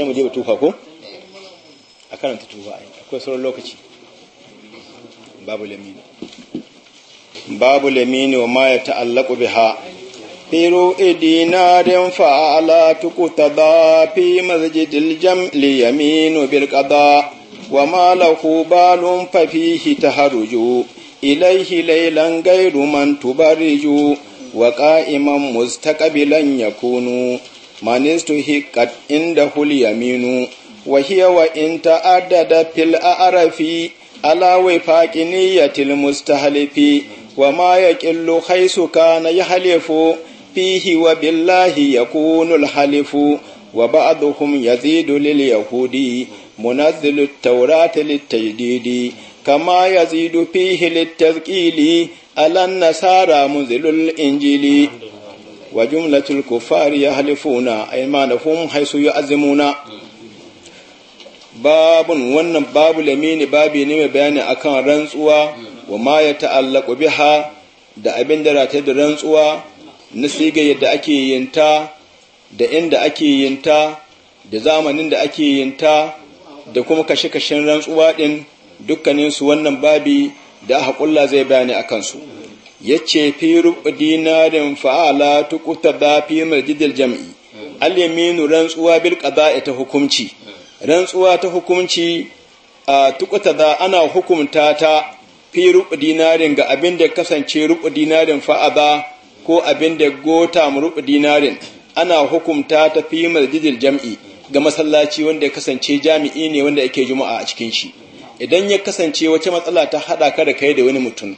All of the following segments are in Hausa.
sai mu je ba tufa ko a karanta tufa a akwai sauran lokaci babu lamini babu lamini wa ma ya ta'allaku biha idina idinarin fa'ala ta da fi masjidil jam'li yaminu bil qada wa ma lahu balun fa fihi taharuju ilayhi laylan ghayru man tubariju wa qa'iman mustaqbilan yakunu manistuhi kat inda hul yaminu wa hiya wa in ta'addada fil a'rafi ala wifaqi niyyatil mustahlifi wa ma yaqillu na kana yahlifu fihi wa billahi yakunu al halifu wa ba'dhum yazidu lil yahudi munazzilu at lit-tajdidi kama yazidu fihi lit-tazkili ala an-nasara munzilul injili wa jumlatul kufari ya halifuna aimanahum haisu yu'azzimuna babun wannan babu lamini babi ne mai bayani akan rantsuwa wa ma ya ta'allaku biha da abin da rata da rantsuwa na siga yadda ake yinta da inda ake yinta da zamanin da ake yinta da kuma kashe-kashen rantsuwa din dukkaninsu wannan babi da haƙulla zai bayani a kansu. ya ce fi rubu dinarin fa'ala tukuta da fi marjidil jam'i alyaminu rantsuwa bil qada'i ta hukunci rantsuwa ta hukunci a tukuta da ana hukumta ta fi rubu dinarin ga abin da kasance rubu dinarin fa'ada ko abin da gota mu rubu dinarin ana hukumta ta fi marjidil jam'i ga masallaci wanda ya kasance jami'i ne wanda yake juma'a a cikin shi idan ya kasance wace matsala ta hada ka da kai da wani mutum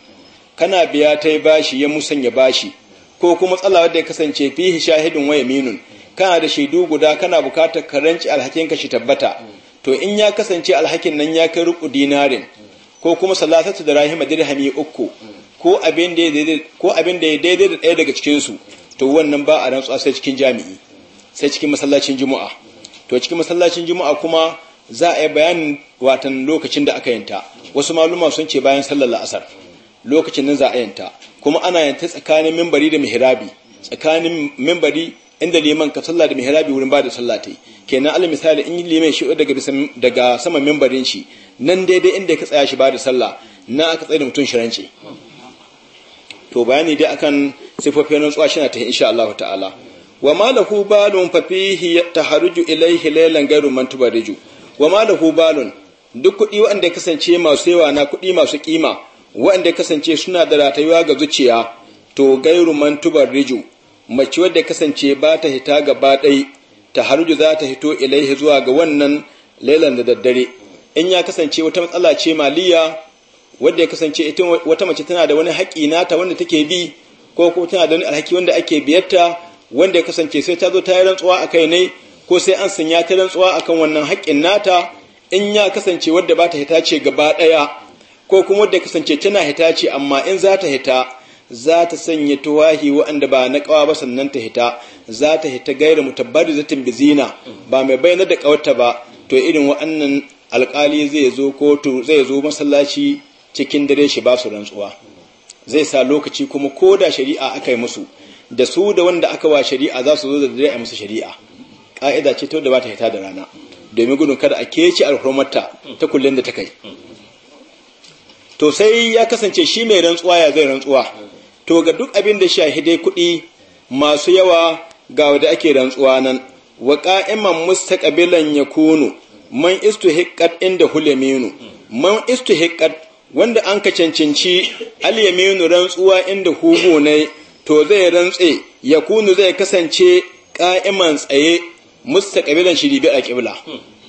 kana biya ta yi bashi ya musanya bashi ko kuma matsala wadda ya kasance fihi shahidin waya minun kana da shaidu guda kana bukatar karanci alhakin ka shi tabbata to in ya kasance alhakin nan ya kai ruku dinarin ko kuma salatatu da rahima dirhami uku ko abin da ya daidai da ɗaya daga cikinsu to wannan ba a rantsuwa sai cikin jami'i sai cikin masallacin juma'a to cikin masallacin juma'a kuma za a yi bayanin watan lokacin da aka yanta wasu maluma sun ce bayan sallar la'asar lokacin nan za a yanta kuma ana yanta tsakanin mimbari da mihrabi tsakanin mimbari inda liman ka sallah da mihrabi wurin bada sallah tai kenan al misali in liman shi daga daga saman mimbarin shi nan daidai inda ka tsaya shi bada sallah na aka tsaya da mutun shirance to bayani dai akan sifofin rantsuwa shi na ta insha Allah ta'ala wa malahu balun fa fihi taharuju ilayhi laylan ghayru mantubariju wa malahu balun duk kuɗi wanda ya kasance masu yawa na kuɗi masu kima waɗanda kasance suna da ratayuwa ga zuciya to gairu mantubar riju mace wadda ya kasance ba ta hita gaba ɗai ta harju za ta hito ilaihi zuwa ga wannan lailan da daddare in ya kasance wata matsala ce maliya wadda ya kasance ita wata mace tana da wani haƙi nata wanda take bi ko kuma tana da wani alhaki wanda ake biyarta wanda ya kasance sai ta zo ta yi rantsuwa a kai ne ko sai an sanya ta rantsuwa akan wannan haƙƙin nata in ya kasance wadda ba ta hita ce gaba ɗaya ko kuma da kasance tana hita ce amma in za ta hita za ta sanya tuwahi waɗanda ba na kawa ba sannan ta hita za ta hita gaira mutabbari zatin bizina ba mai bayyana da ƙawarta ba to irin waɗannan alƙali zai zo kotu zai zo masallaci cikin dare shi ba su rantsuwa zai sa lokaci kuma ko da shari'a aka yi musu da su da wanda aka wa shari'a za su zo da dare a musu shari'a ƙa'ida ce ta da ba ta hita da rana domin gudun kada a keci alhurmarta ta kullum da ta kai to sai ya kasance shi mai rantsuwa ya zai rantsuwa to ga duk abin da shahidai kuɗi masu yawa ga wanda ake rantsuwa nan wa qa'iman mustaqbilan yakunu man istuhiqqat inda hulaminu man istuhiqqat wanda an ka cancanci al-yaminu rantsuwa inda hugu ne to zai rantse yakunu zai kasance qa'iman tsaye mustaqbilan shi ribi a kibla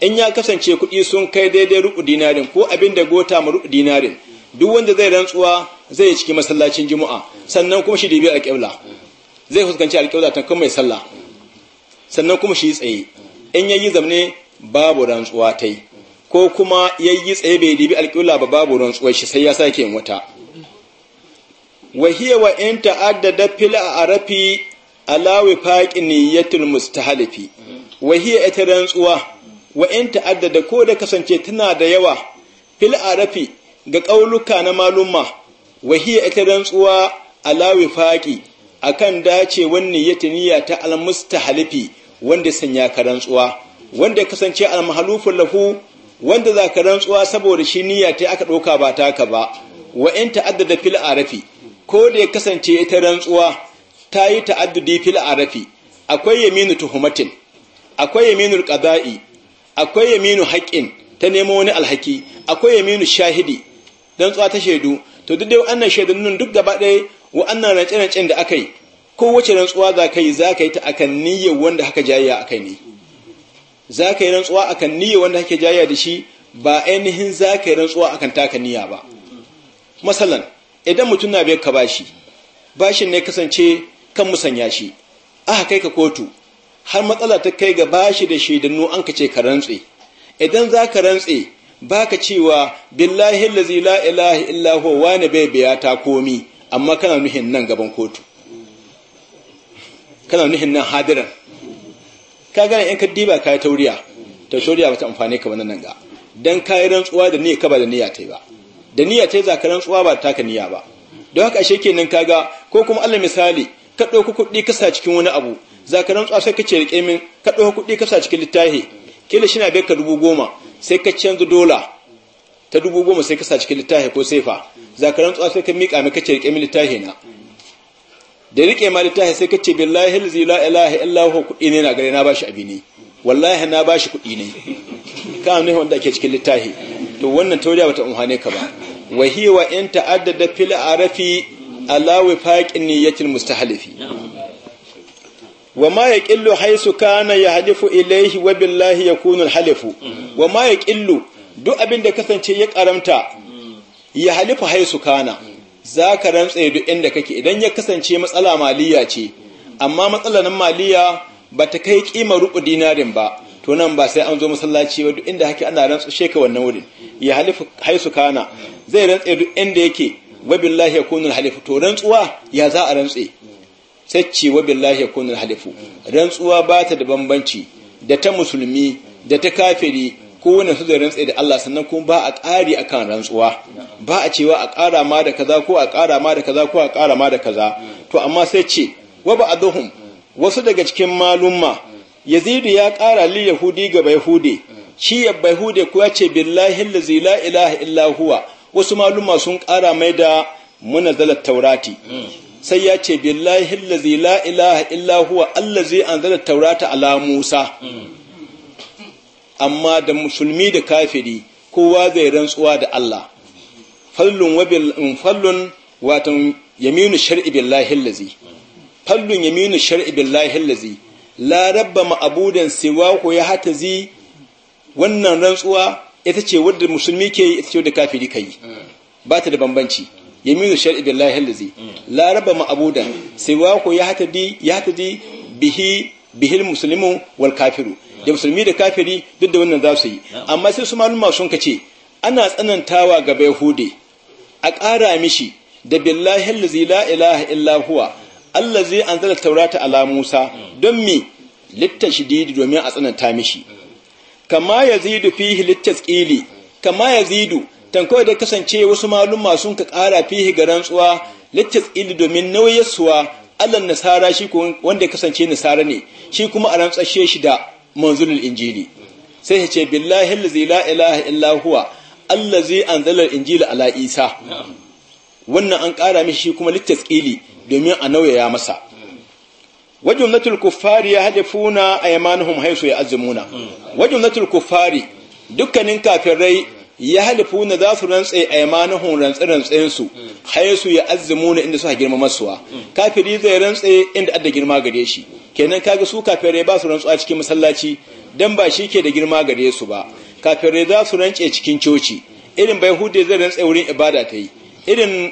in ya kasance kuɗi sun kai daidai rubu dinarin ko abin da gota ma rubu dinarin duk wanda zai rantsuwa zai yi cikin masallacin juma'a sannan kuma shi dibi alƙibla zai fuskanci alƙibla kan mai sallah sannan kuma shi tsaye in yayi zamne babu rantsuwa tai ko kuma yayi tsaye bai dibi alƙibla ba babu rantsuwa shi sai ya sake yin wata hiya wa in ta'addada fil arafi ala wifaqi niyyatul mustahalifi hiya ita rantsuwa wa in ta'addada ko da kasance tana da yawa fil arafi ga ƙauluka na malumma Wahiya ita rantsuwa lawi faƙi akan dace wani ya taniya ta halifi wanda sanya ka rantsuwa wanda ya kasance almahalufin lafu, wanda za ka rantsuwa saboda shi niyya ta aka ɗauka ba taka ba wa in ta'addada fil arafi ko da ya kasance ita rantsuwa ta yi ta'addudi fil arafi akwai yaminu tuhumatin akwai yaminu qada'i akwai yaminu haqqin ta nemo wani alhaki akwai yaminu shahidi rantsuwa ta shaidu to duk da wannan shaidun nun duk gaba ɗaya wa'annan rance-rancen da aka yi ko kowace rantsuwa za ka yi za ka yi ta akan niyyar wanda haka jayya akai ne za ka yi rantsuwa akan niyyar wanda haka jayya da shi ba ainihin za ka yi rantsuwa akan taka niyya ba masalan idan mutum na biyar ka bashi bashin ne kasance kan musanya shi aka kai ka kotu har matsala ta kai ga bashi da shaidannu an ka ce ka rantse idan za ka rantse baka cewa billahi lazi la ilaha illahu wani bai biya ta komi amma kana nuhin nan gaban kotu kana nuhin nan hadiran ka gane in ka diba yi tauriya ta ba bata amfani ka wannan nan ga dan yi rantsuwa da niyya ka ba da niyya yi ba da niyya yi za ka rantsuwa ba ta ka niyya ba don haka ashe kenan ga ko kuma Allah misali ka dauko kuɗi ka sa cikin wani abu za ka rantsuwa sai ka ce rike min ka dauko kuɗi ka sa cikin littafi kila shi na bai ka dubu goma sai ka canza dola ta dubu goma sai ka sa cikin littafi ko saifa zakaran tsuwa sai ka miƙa mai kace riƙe min littafi na da riƙe ma littafi sai ka kace billahi alzi la ilaha illa huwa kuɗi ne na gare na bashi abi ne wallahi na bashi kuɗi ne ka ne wanda ake cikin littafi to wannan tauriya bata umhane ka ba wa hiya wa in ta'addada fil arafi ala wifaqin niyyatil mustahlifi wa ma ya ƙillu haisu kana ya halifu ilaihi wa billahi ya kunun halifu wa ma ya ƙillu duk abin da kasance ya karamta ya halifu haisu kana za ka rantse duk inda kake idan ya kasance matsala maliya ce amma matsalar maliya ba ta kai kima rubu dinarin ba to nan ba sai an zo masallaci ba duk inda hake ana rantsu sheka wannan wurin ya halifu haisu kana zai rantse duk inda yake wa ya halifu to rantsuwa ya za a rantse sai ce wa billahi yakunu halifu rantsuwa ba ta da bambanci da ta musulmi da ta kafiri ko kowane su da rantsi da Allah sannan kuma ba a ƙari akan rantsuwa ba a cewa a ƙara ma da kaza ko a ƙara ma da kaza ko a ƙara ma da kaza to amma sai ce wa ba'dhum wasu daga cikin malumma yazidu ya ƙara li yahudi ga bayhude shi ya bayhude ko ya ce billahi allazi la ilaha illa huwa wasu malumma sun ƙara mai da munazalat taurati sai ya ce billahi allazi la ilaha illa huwa allazi anzala taurata ala musa amma da musulmi da kafiri kowa zai rantsuwa da Allah fallun wa bil fallun watan yaminu shar'i billahi allazi fallun yaminu shar'i billahi allazi la rabba ma'budan siwa ko ya hatazi wannan rantsuwa ita ce wadda musulmi ke ita ce da kafiri kai ba ta da bambanci yaminu shar'i billahi allazi la rabba ma'budan sai wa ku yahtadi bihi bihil da musulmi da kafiri duk da wannan za su yi amma sai su maluma sun kace ana tsanantawa ga hude. a ƙara mishi da billahi allazi la ilaha illa huwa allazi anzala taurata ala musa don mi shididi domin a tsananta mishi kama yazidu fihi littaskili kama yazidu tankawai da kasance wasu malumma sun ka kara fihi ga rantsuwa littas ili domin nauyarsuwa allan nasara shi ko wanda kasance nasara ne shi kuma a rantsashe shi da manzulul injili sai ya ce billahi allazi la ilaha illa huwa allazi anzalal injila ala isa wannan an kara mishi shi kuma littas ili domin a nauyaya masa wajumnatul kuffari ya hadafuna aymanuhum haythu ya azmuna wajumnatul kuffari dukkanin kafirai ya halifu na za su rantse a yamanahun rantse-rantsensu su ya azzumu na inda suka girma masuwa kafiri zai rantse inda adda girma gare shi kenan kaga su kafirai ba su rantsuwa cikin masallaci don ba shi ke da girma gare su ba kafirai za su rantse cikin coci irin bai hude zai rantse wurin ibada ta yi irin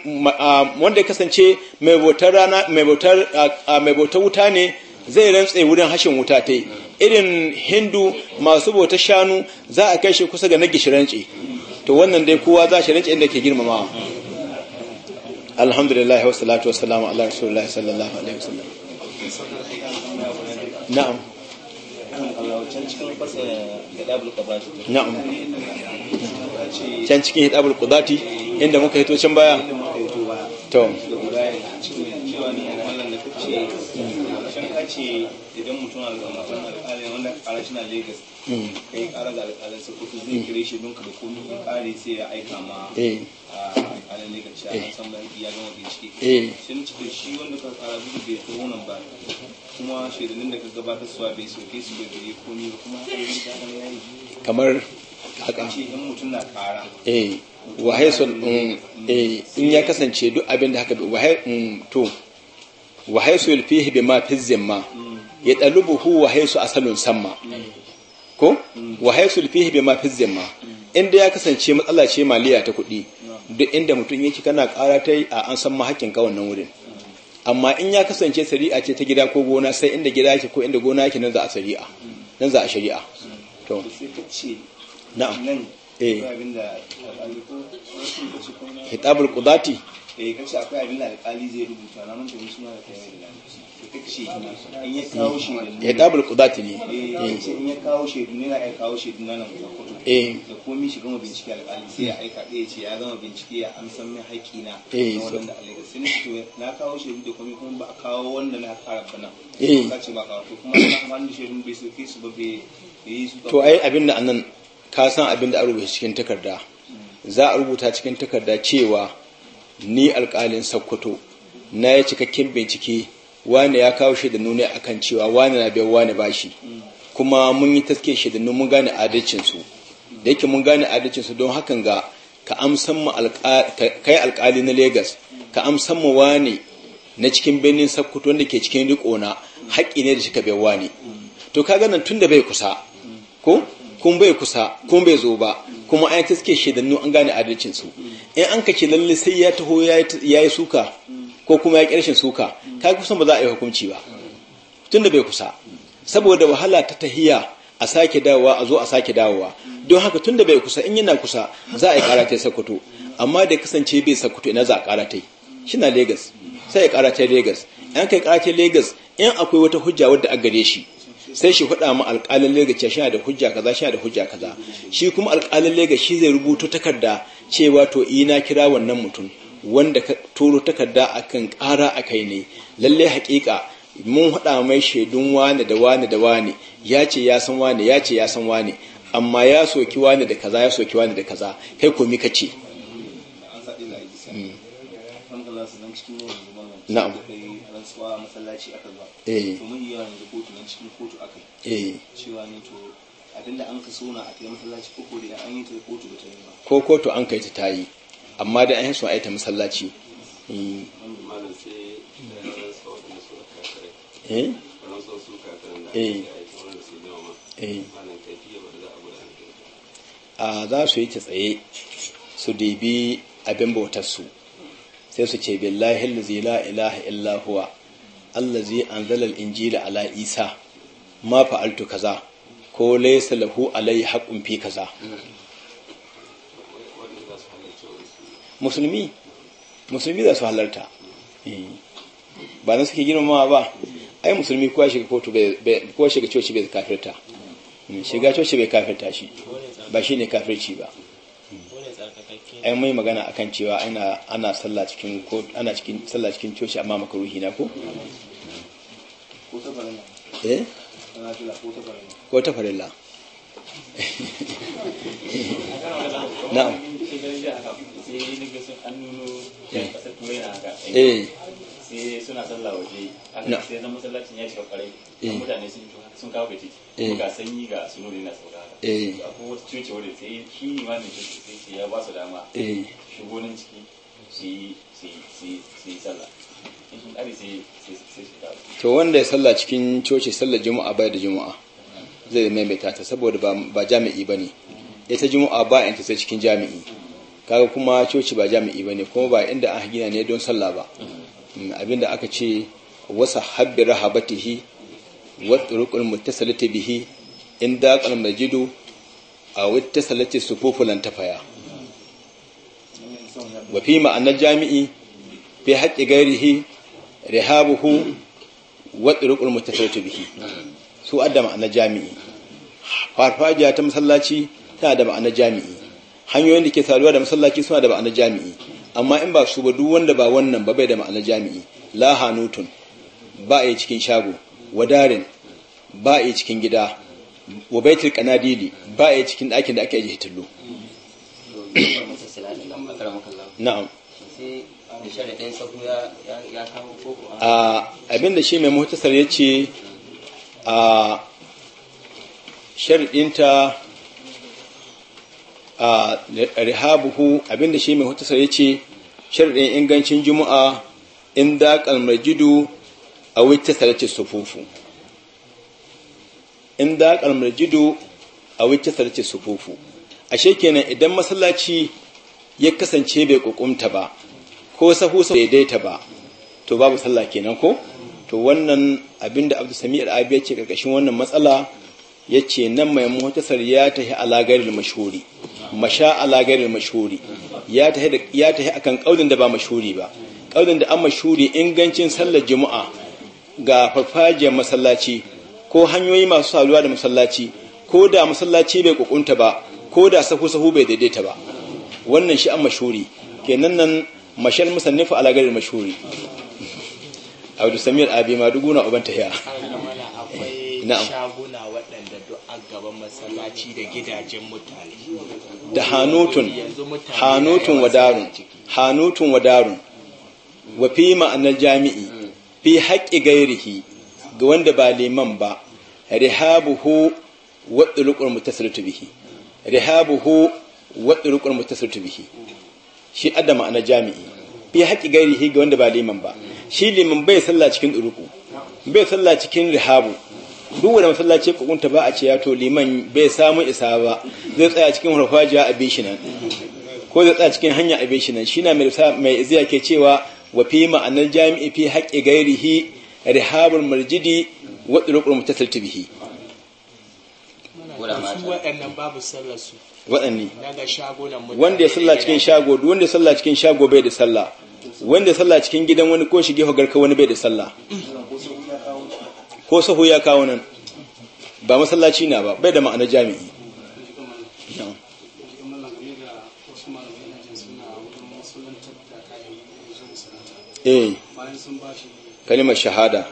wanda kasance mai bautar wuta ne zai rantse wurin hashin wuta ta yi irin hindu masu bauta shanu za a kai shi kusa ga na shiranci to wannan dai kowa za shi rance inda ke girmamawa alhamdulillah wa salatu wa salamu ala rasulullah sallallahu alaihi wasallam na'am na'am can cikin hitabul qudati inda muka hito can baya to ce idan mutum alƙalin alƙalin wanda ƙara shi hmm. ƙara da alƙalin zai hmm. kire shi don kada komi in ƙare sai ya aika ma eh. a eh. san ya eh. ka ƙara duk kamar haka mm, ya kasance duk abin haka wahai mm, wahaisu haisu yulfihi ma fi zimma ya dalubuhu wahaisu haisu asalun samma ko wahaisu haisu yulfihi ma fi zimma inda ya kasance matsala ce maliya ta kuɗi duk inda mutum yake kana ƙara ta yi a an san ma kawannan wurin amma in ya kasance shari'a ce ta gida ko gona sai inda gida yake ko inda gona yake nan za a nan za a shari'a to na'am eh hitabul qudati eh kace akwai abin da alƙali zai rubuta na manta wasu da kai da ya kawo shi qudati ne eh in ya kawo shi ne eh, eh. ya kawo shi na nan da kotu eh da komai shi gama bincike alƙali sai ya aika ɗaya ce ya gama bincike ya an san haƙi na eh, wanda alƙali sai na kawo shi da komai kuma ba a kawo wanda na ƙara bana eh kace ba kawo kuma wanda shi bai sauke su ba bai yi su to ai abin da annan ka san abin da a rubuta cikin takarda za a rubuta cikin takarda cewa ni alkalin sakkwato na ya cikakken bincike wani ya kawo shi da nuna kan cewa wani na biyan wani bashi kuma mun yi taske shi da mun gane adalcinsu da yake mun gane adalcinsu don hakan ga ka amsan mu kai alkali na Legas ka amsan mu wani na cikin birnin sakkwato wanda ke cikin rikona haƙƙi ne da shi ka biyan wani to ka ganin tun da bai kusa ko kun bai kusa kun bai zo ba kuma an ta suke shaidannu an gane adalcin su in an ka lalle sai ya taho ya yi suka ko kuma ya kirshin suka ka kusan ba za a yi hukunci ba tunda bai kusa saboda wahala ta tahiya a sake dawowa a zo a sake dawowa don haka tunda bai kusa in yana kusa za a yi karatai sakoto amma da kasance bai sakoto ina za a karatai na Legas sai ya karatai Legas an kai karatai Legas in akwai wata hujja wadda a gare shi sai shi faɗa ma alƙalin lega cewa shi da hujja kaza shi da hujja kaza shi kuma alƙalin lega shi zai rubuto takarda cewa to ina kira wannan mutum wanda ka turo takarda akan ƙara a kai ne lalle haƙiƙa mun haɗa mai shaidun wani da wani da wani ya ce ya san wani ya ce ya san wani amma ya soki wani da kaza ya soki wani da kaza kai komi ka ce nan cikin eh. to yi an ka a kai masallaci yi ta yi tayi amma da an yi a yi ta masallaci a za su yi ta tsaye su dibi abin bautarsu sai su ce billahi allazi la ilaha illa huwa allazi anzala al-injila ala isa ma fa'altu kaza ko laysa lahu alayhi haqqun fi kaza musulmi musulmi za su halarta eh. ba na suke girmama ba ai musulmi kuwa shiga kotu kuwa shiga coci bai kafirta hmm, shiga coci bai kafirta shi ba shi ne kafirci ba ai mai magana akan cewa ana ana sallah cikin ko ana cikin sallah cikin coci amma makaruhi na ko ko ta farilla eh ko ta farilla na'am eh sai suna sallah waje aka sai zan masallacin ya shiga kwarai eh. mutane sun sun kawo bai eh. ga sanyi ga sunuri na saurara haka eh. akwai wata cuce wadda sai shi imamin cuce sai ce ya ba su dama shigo nan ciki su yi sallah to wanda ya sallah cikin coci sallar juma'a bai da juma'a zai maimaita ta saboda ba jami'i ba ne ita juma'a ba yanta sai cikin jami'i kaga kuma coci ba jami'i ba ne kuma ba inda an gina ne don sallah ba mm-hmm. abinda aka ce wasa habbi rahabatihi wa turuqul muttasilati bihi in daqal majidu aw ittasalati sufufulan tafaya wa fi ma'anar jami'i fi haqqi ghairihi rihabuhu wa turuqul muttasilati bihi su adda ma'anar jami'i farfajiya ta masallaci ta da ma'anar jami'i hanyoyin da ke saluwa da masallaci suna da ma'anar jami'i amma in ba su ba duk wanda ba wannan ba bai da ma'ana jami'i la hanutun ba a yi cikin shago wadarin ba a yi cikin gida wa baitul kanadili ba a yi cikin ɗakin da ake yi hitullu na'am abinda shi mai muhtasar ya ce a sharaɗinta rihabuhu abinda shi mai hutu ya ce sharɗin ingancin juma'a in daƙal marjidu a wita sarci sufufu in daƙal marjidu a wita sarci sufufu a kenan idan masallaci ya kasance bai kukumta ba ko sahu sa daidaita ba to babu sallah kenan ko to wannan abinda abdu sami al'abi ce karkashin wannan matsala ya ce nan mai muhtasar ya tahi alagaril mashuri masha mashuri ya tahi akan kaudin da ba mashuri ba kaudin da an mashuri ingancin sallar juma'a ga farfajiyar masallaci ko hanyoyi masu saluwa da masallaci ko da masallaci bai kukunta ba ko da sahu sahu bai daidaita ba wannan shi an mashuri kenan nan mashal musannifu alagaril mashuri abdu samir abi maduguna uban tahiya na'am gaban masallaci da gidajen mutane da hanutun hanutun wadarun hanutun wadarun wa fi ma'anar jami'i mm. fi haƙƙi gairihi ga wanda ba liman ba rihabuhu wa tsulukur mutasarritu bihi rihabuhu wa tsulukur mutasarritu bihi shi adda ma'anar jami'i fi haƙƙi gairihi ga wanda ba liman ba shi liman bai sallah cikin tsuluku bai sallah cikin rihabu duk wanda masallaci kukunta ba a ce ya to liman bai samu isa ba zai tsaya cikin harfajiya a bishi nan ko zai tsaya cikin hanya a bishi nan shine mai iziya ke cewa wa fi ma'anar jami'i fi haqqi gairihi rihabul marjidi wa turuqul mutasil bihi waɗanne wanda ya salla cikin shago wanda ya salla cikin shago bai da sallah wanda ya salla cikin gidan wani ko shige hogarka wani bai da sallah ko sahu ya kawo nan ba masallaci na ba bai da ma'ana jami'i eh kalimar shahada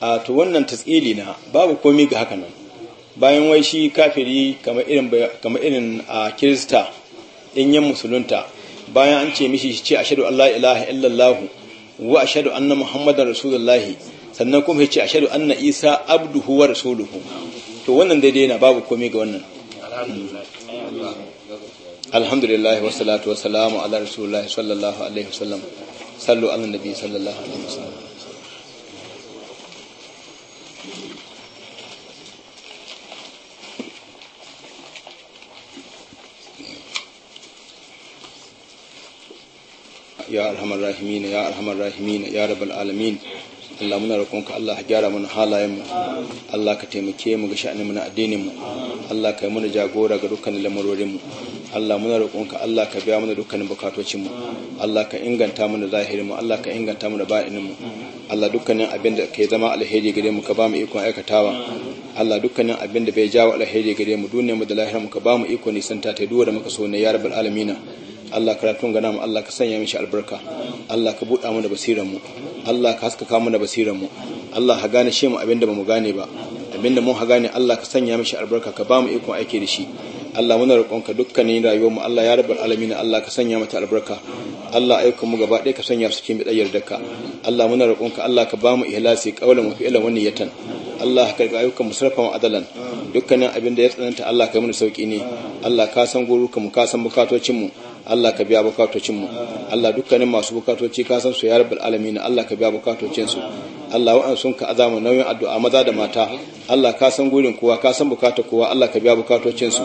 a to wannan tasiri na babu komi ga haka nan bayan wai shi kafiri kama irin a kirista in yin musulunta bayan an ce mishi ce a shaɗu Allah ilaha illallahu wa ashhadu anna muhammadar rasulullahi sannan kuma yace ashhadu anna isa abduhu wa rasuluhu to wannan dai-dai na babu komai ga wannan alhamdulillah wa salatu wa salamu ala rasulullahi sallallahu alaihi wasallam sallu ala nabi sallallahu alaihi wasallam ya alhamar rahimin ya alhamar rahimin ya rabbal alamin Allah muna roƙonka Allah ka gyara mana halayen mu Allah ka taimake mu ga sha'anin mu na addinin mu Allah ka yi mana jagora ga dukkanin lamarorin mu Allah muna roƙonka Allah ka biya mana dukkanin bukatocin mu Allah ka inganta mana zahirin mu Allah ka inganta mana ba'inin mu Allah dukkanin abin da ke zama alheri gare mu ka ba mu ikon aikatawa Allah dukkanin abin da bai jawo alheri gare mu duniyar mu da lahirar mu ka ba mu ikon nisanta ta duwa da muka so ne ya rabbal alamina Allah ratun gana mu Allah ka sanya mishi albarka Allah ka buɗa mu da basiran mu Allah ka haskaka mu da basiran mu Allah ha gane shi abinda bamu gane ba abinda mun ha gane Allah ka sanya mishi albarka ka ba mu ikon aiki da shi Allah muna ka dukkanin rayuwar mu Allah ya rabbal alamin Allah ka sanya mata albarka Allah aika mu gaba ɗaya ka sanya su cikin bidayar daka Allah muna ka Allah ka ba mu ihlasi qawlan wa fi'lan wa yatan Allah ka karɓi ayyukan mu sarfa mu adalan dukkanin abin da ya tsananta Allah ka mana sauki ne Allah ka san gurukanmu ka san mu Allah ka biya mu Allah dukkanin masu bukatoci ka san su ya rabbal alamin Allah ka biya su Allah wa'an sun ka azama nauyin addu'a maza da mata Allah ka san gurin kowa ka san bukatar kowa Allah ka biya su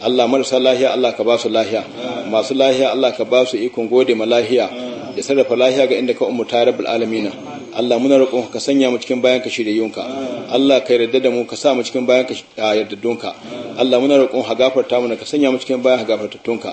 Allah marasa lahiya Allah ka ba su lahiya masu lahiya Allah ka ba su ikon gode ma lahiya ya sarrafa lahiya ga inda ka umurta rabbul alamin Allah muna roƙon ka sanya mu cikin bayan ka yunka. Allah ka yarda da mu ka sa mu cikin bayan ka yardaddunka Allah muna roƙon ka gafarta mu ka sanya mu cikin bayan ka gafartattunka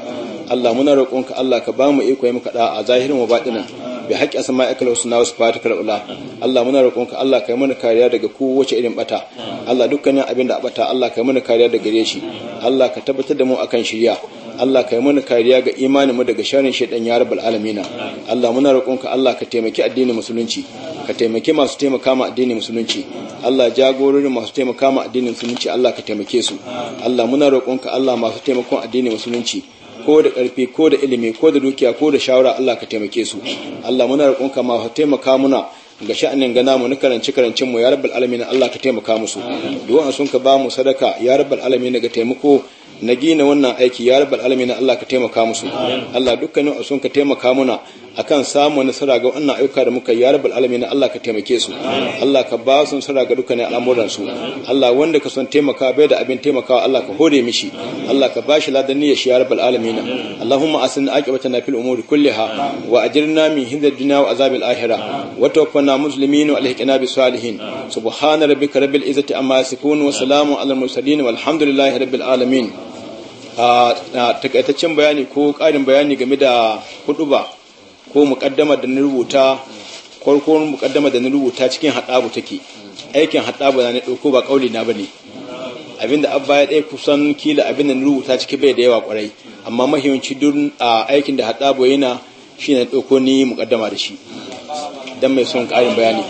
Allah muna roƙon ka Allah ka ba mu iko yi muka da a zahirin wa batinin bi haƙƙi asma'ikal husna wa ta ula Allah muna roƙon ka Allah kai mana kariya daga kowace irin bata Allah dukkanin abin da a bata Allah kai mana kariya daga gare shi Allah ka tabbatar da mu akan shirya Allah ka yi mana kariya ga imaninmu daga sharin shaidan ya rabu alamina Allah muna roƙonka Allah ka taimaki addinin musulunci ka taimaki masu taimaka ma addinin musulunci Allah jagororin masu taimaka ma addinin musulunci Allah ka taimake su Allah muna roƙonka Allah masu taimakon addinin musulunci ko da ƙarfi ko da ilimi ko da dukiya ko da shawara Allah ka taimake su Allah muna roƙonka masu taimaka muna ga sha'anin gana mu na karanci karancin mu ya rabbal alamin Allah ka taimaka musu duwan sun ka ba mu sadaka ya rabbal alamin ga taimako na gina wannan aiki ya rabbal alamin Allah ka taimaka musu Allah dukkanin sun ka taimaka muna akan samun nasara ga wannan ayyuka da muka ya rabbal alamin Allah ka taimake su Allah ka ba su nasara ga dukkanin al'amuran su Allah wanda ka son taimaka bai da abin taimakawa Allah ka hore mishi Allah ka bashi ladanni ya shi ya rabbal alamin Allahumma asin aqibatana fil umuri kulliha wa ajirna min hindad dunya wa azabil akhirah wa tawaffana muslimin wa alhiqna bis salihin subhana rabbika rabbil izati amma yasifun wa salamun alal mursalin walhamdulillahi rabbil alamin a takaitaccen bayani ko ƙarin bayani game da ba ko mukaddama da na rubuta kwarkon mukaddama da na rubuta cikin haɗabu take aikin haɗabu na ɗauko ba ƙauli na bane abinda abba ya ɗaya kusan kila abinda da na rubuta ciki bai da yawa kwarai amma mahimmanci duk a aikin da haɗabu yana shi na ɗauko ni mukaddama da shi don mai son ƙarin bayani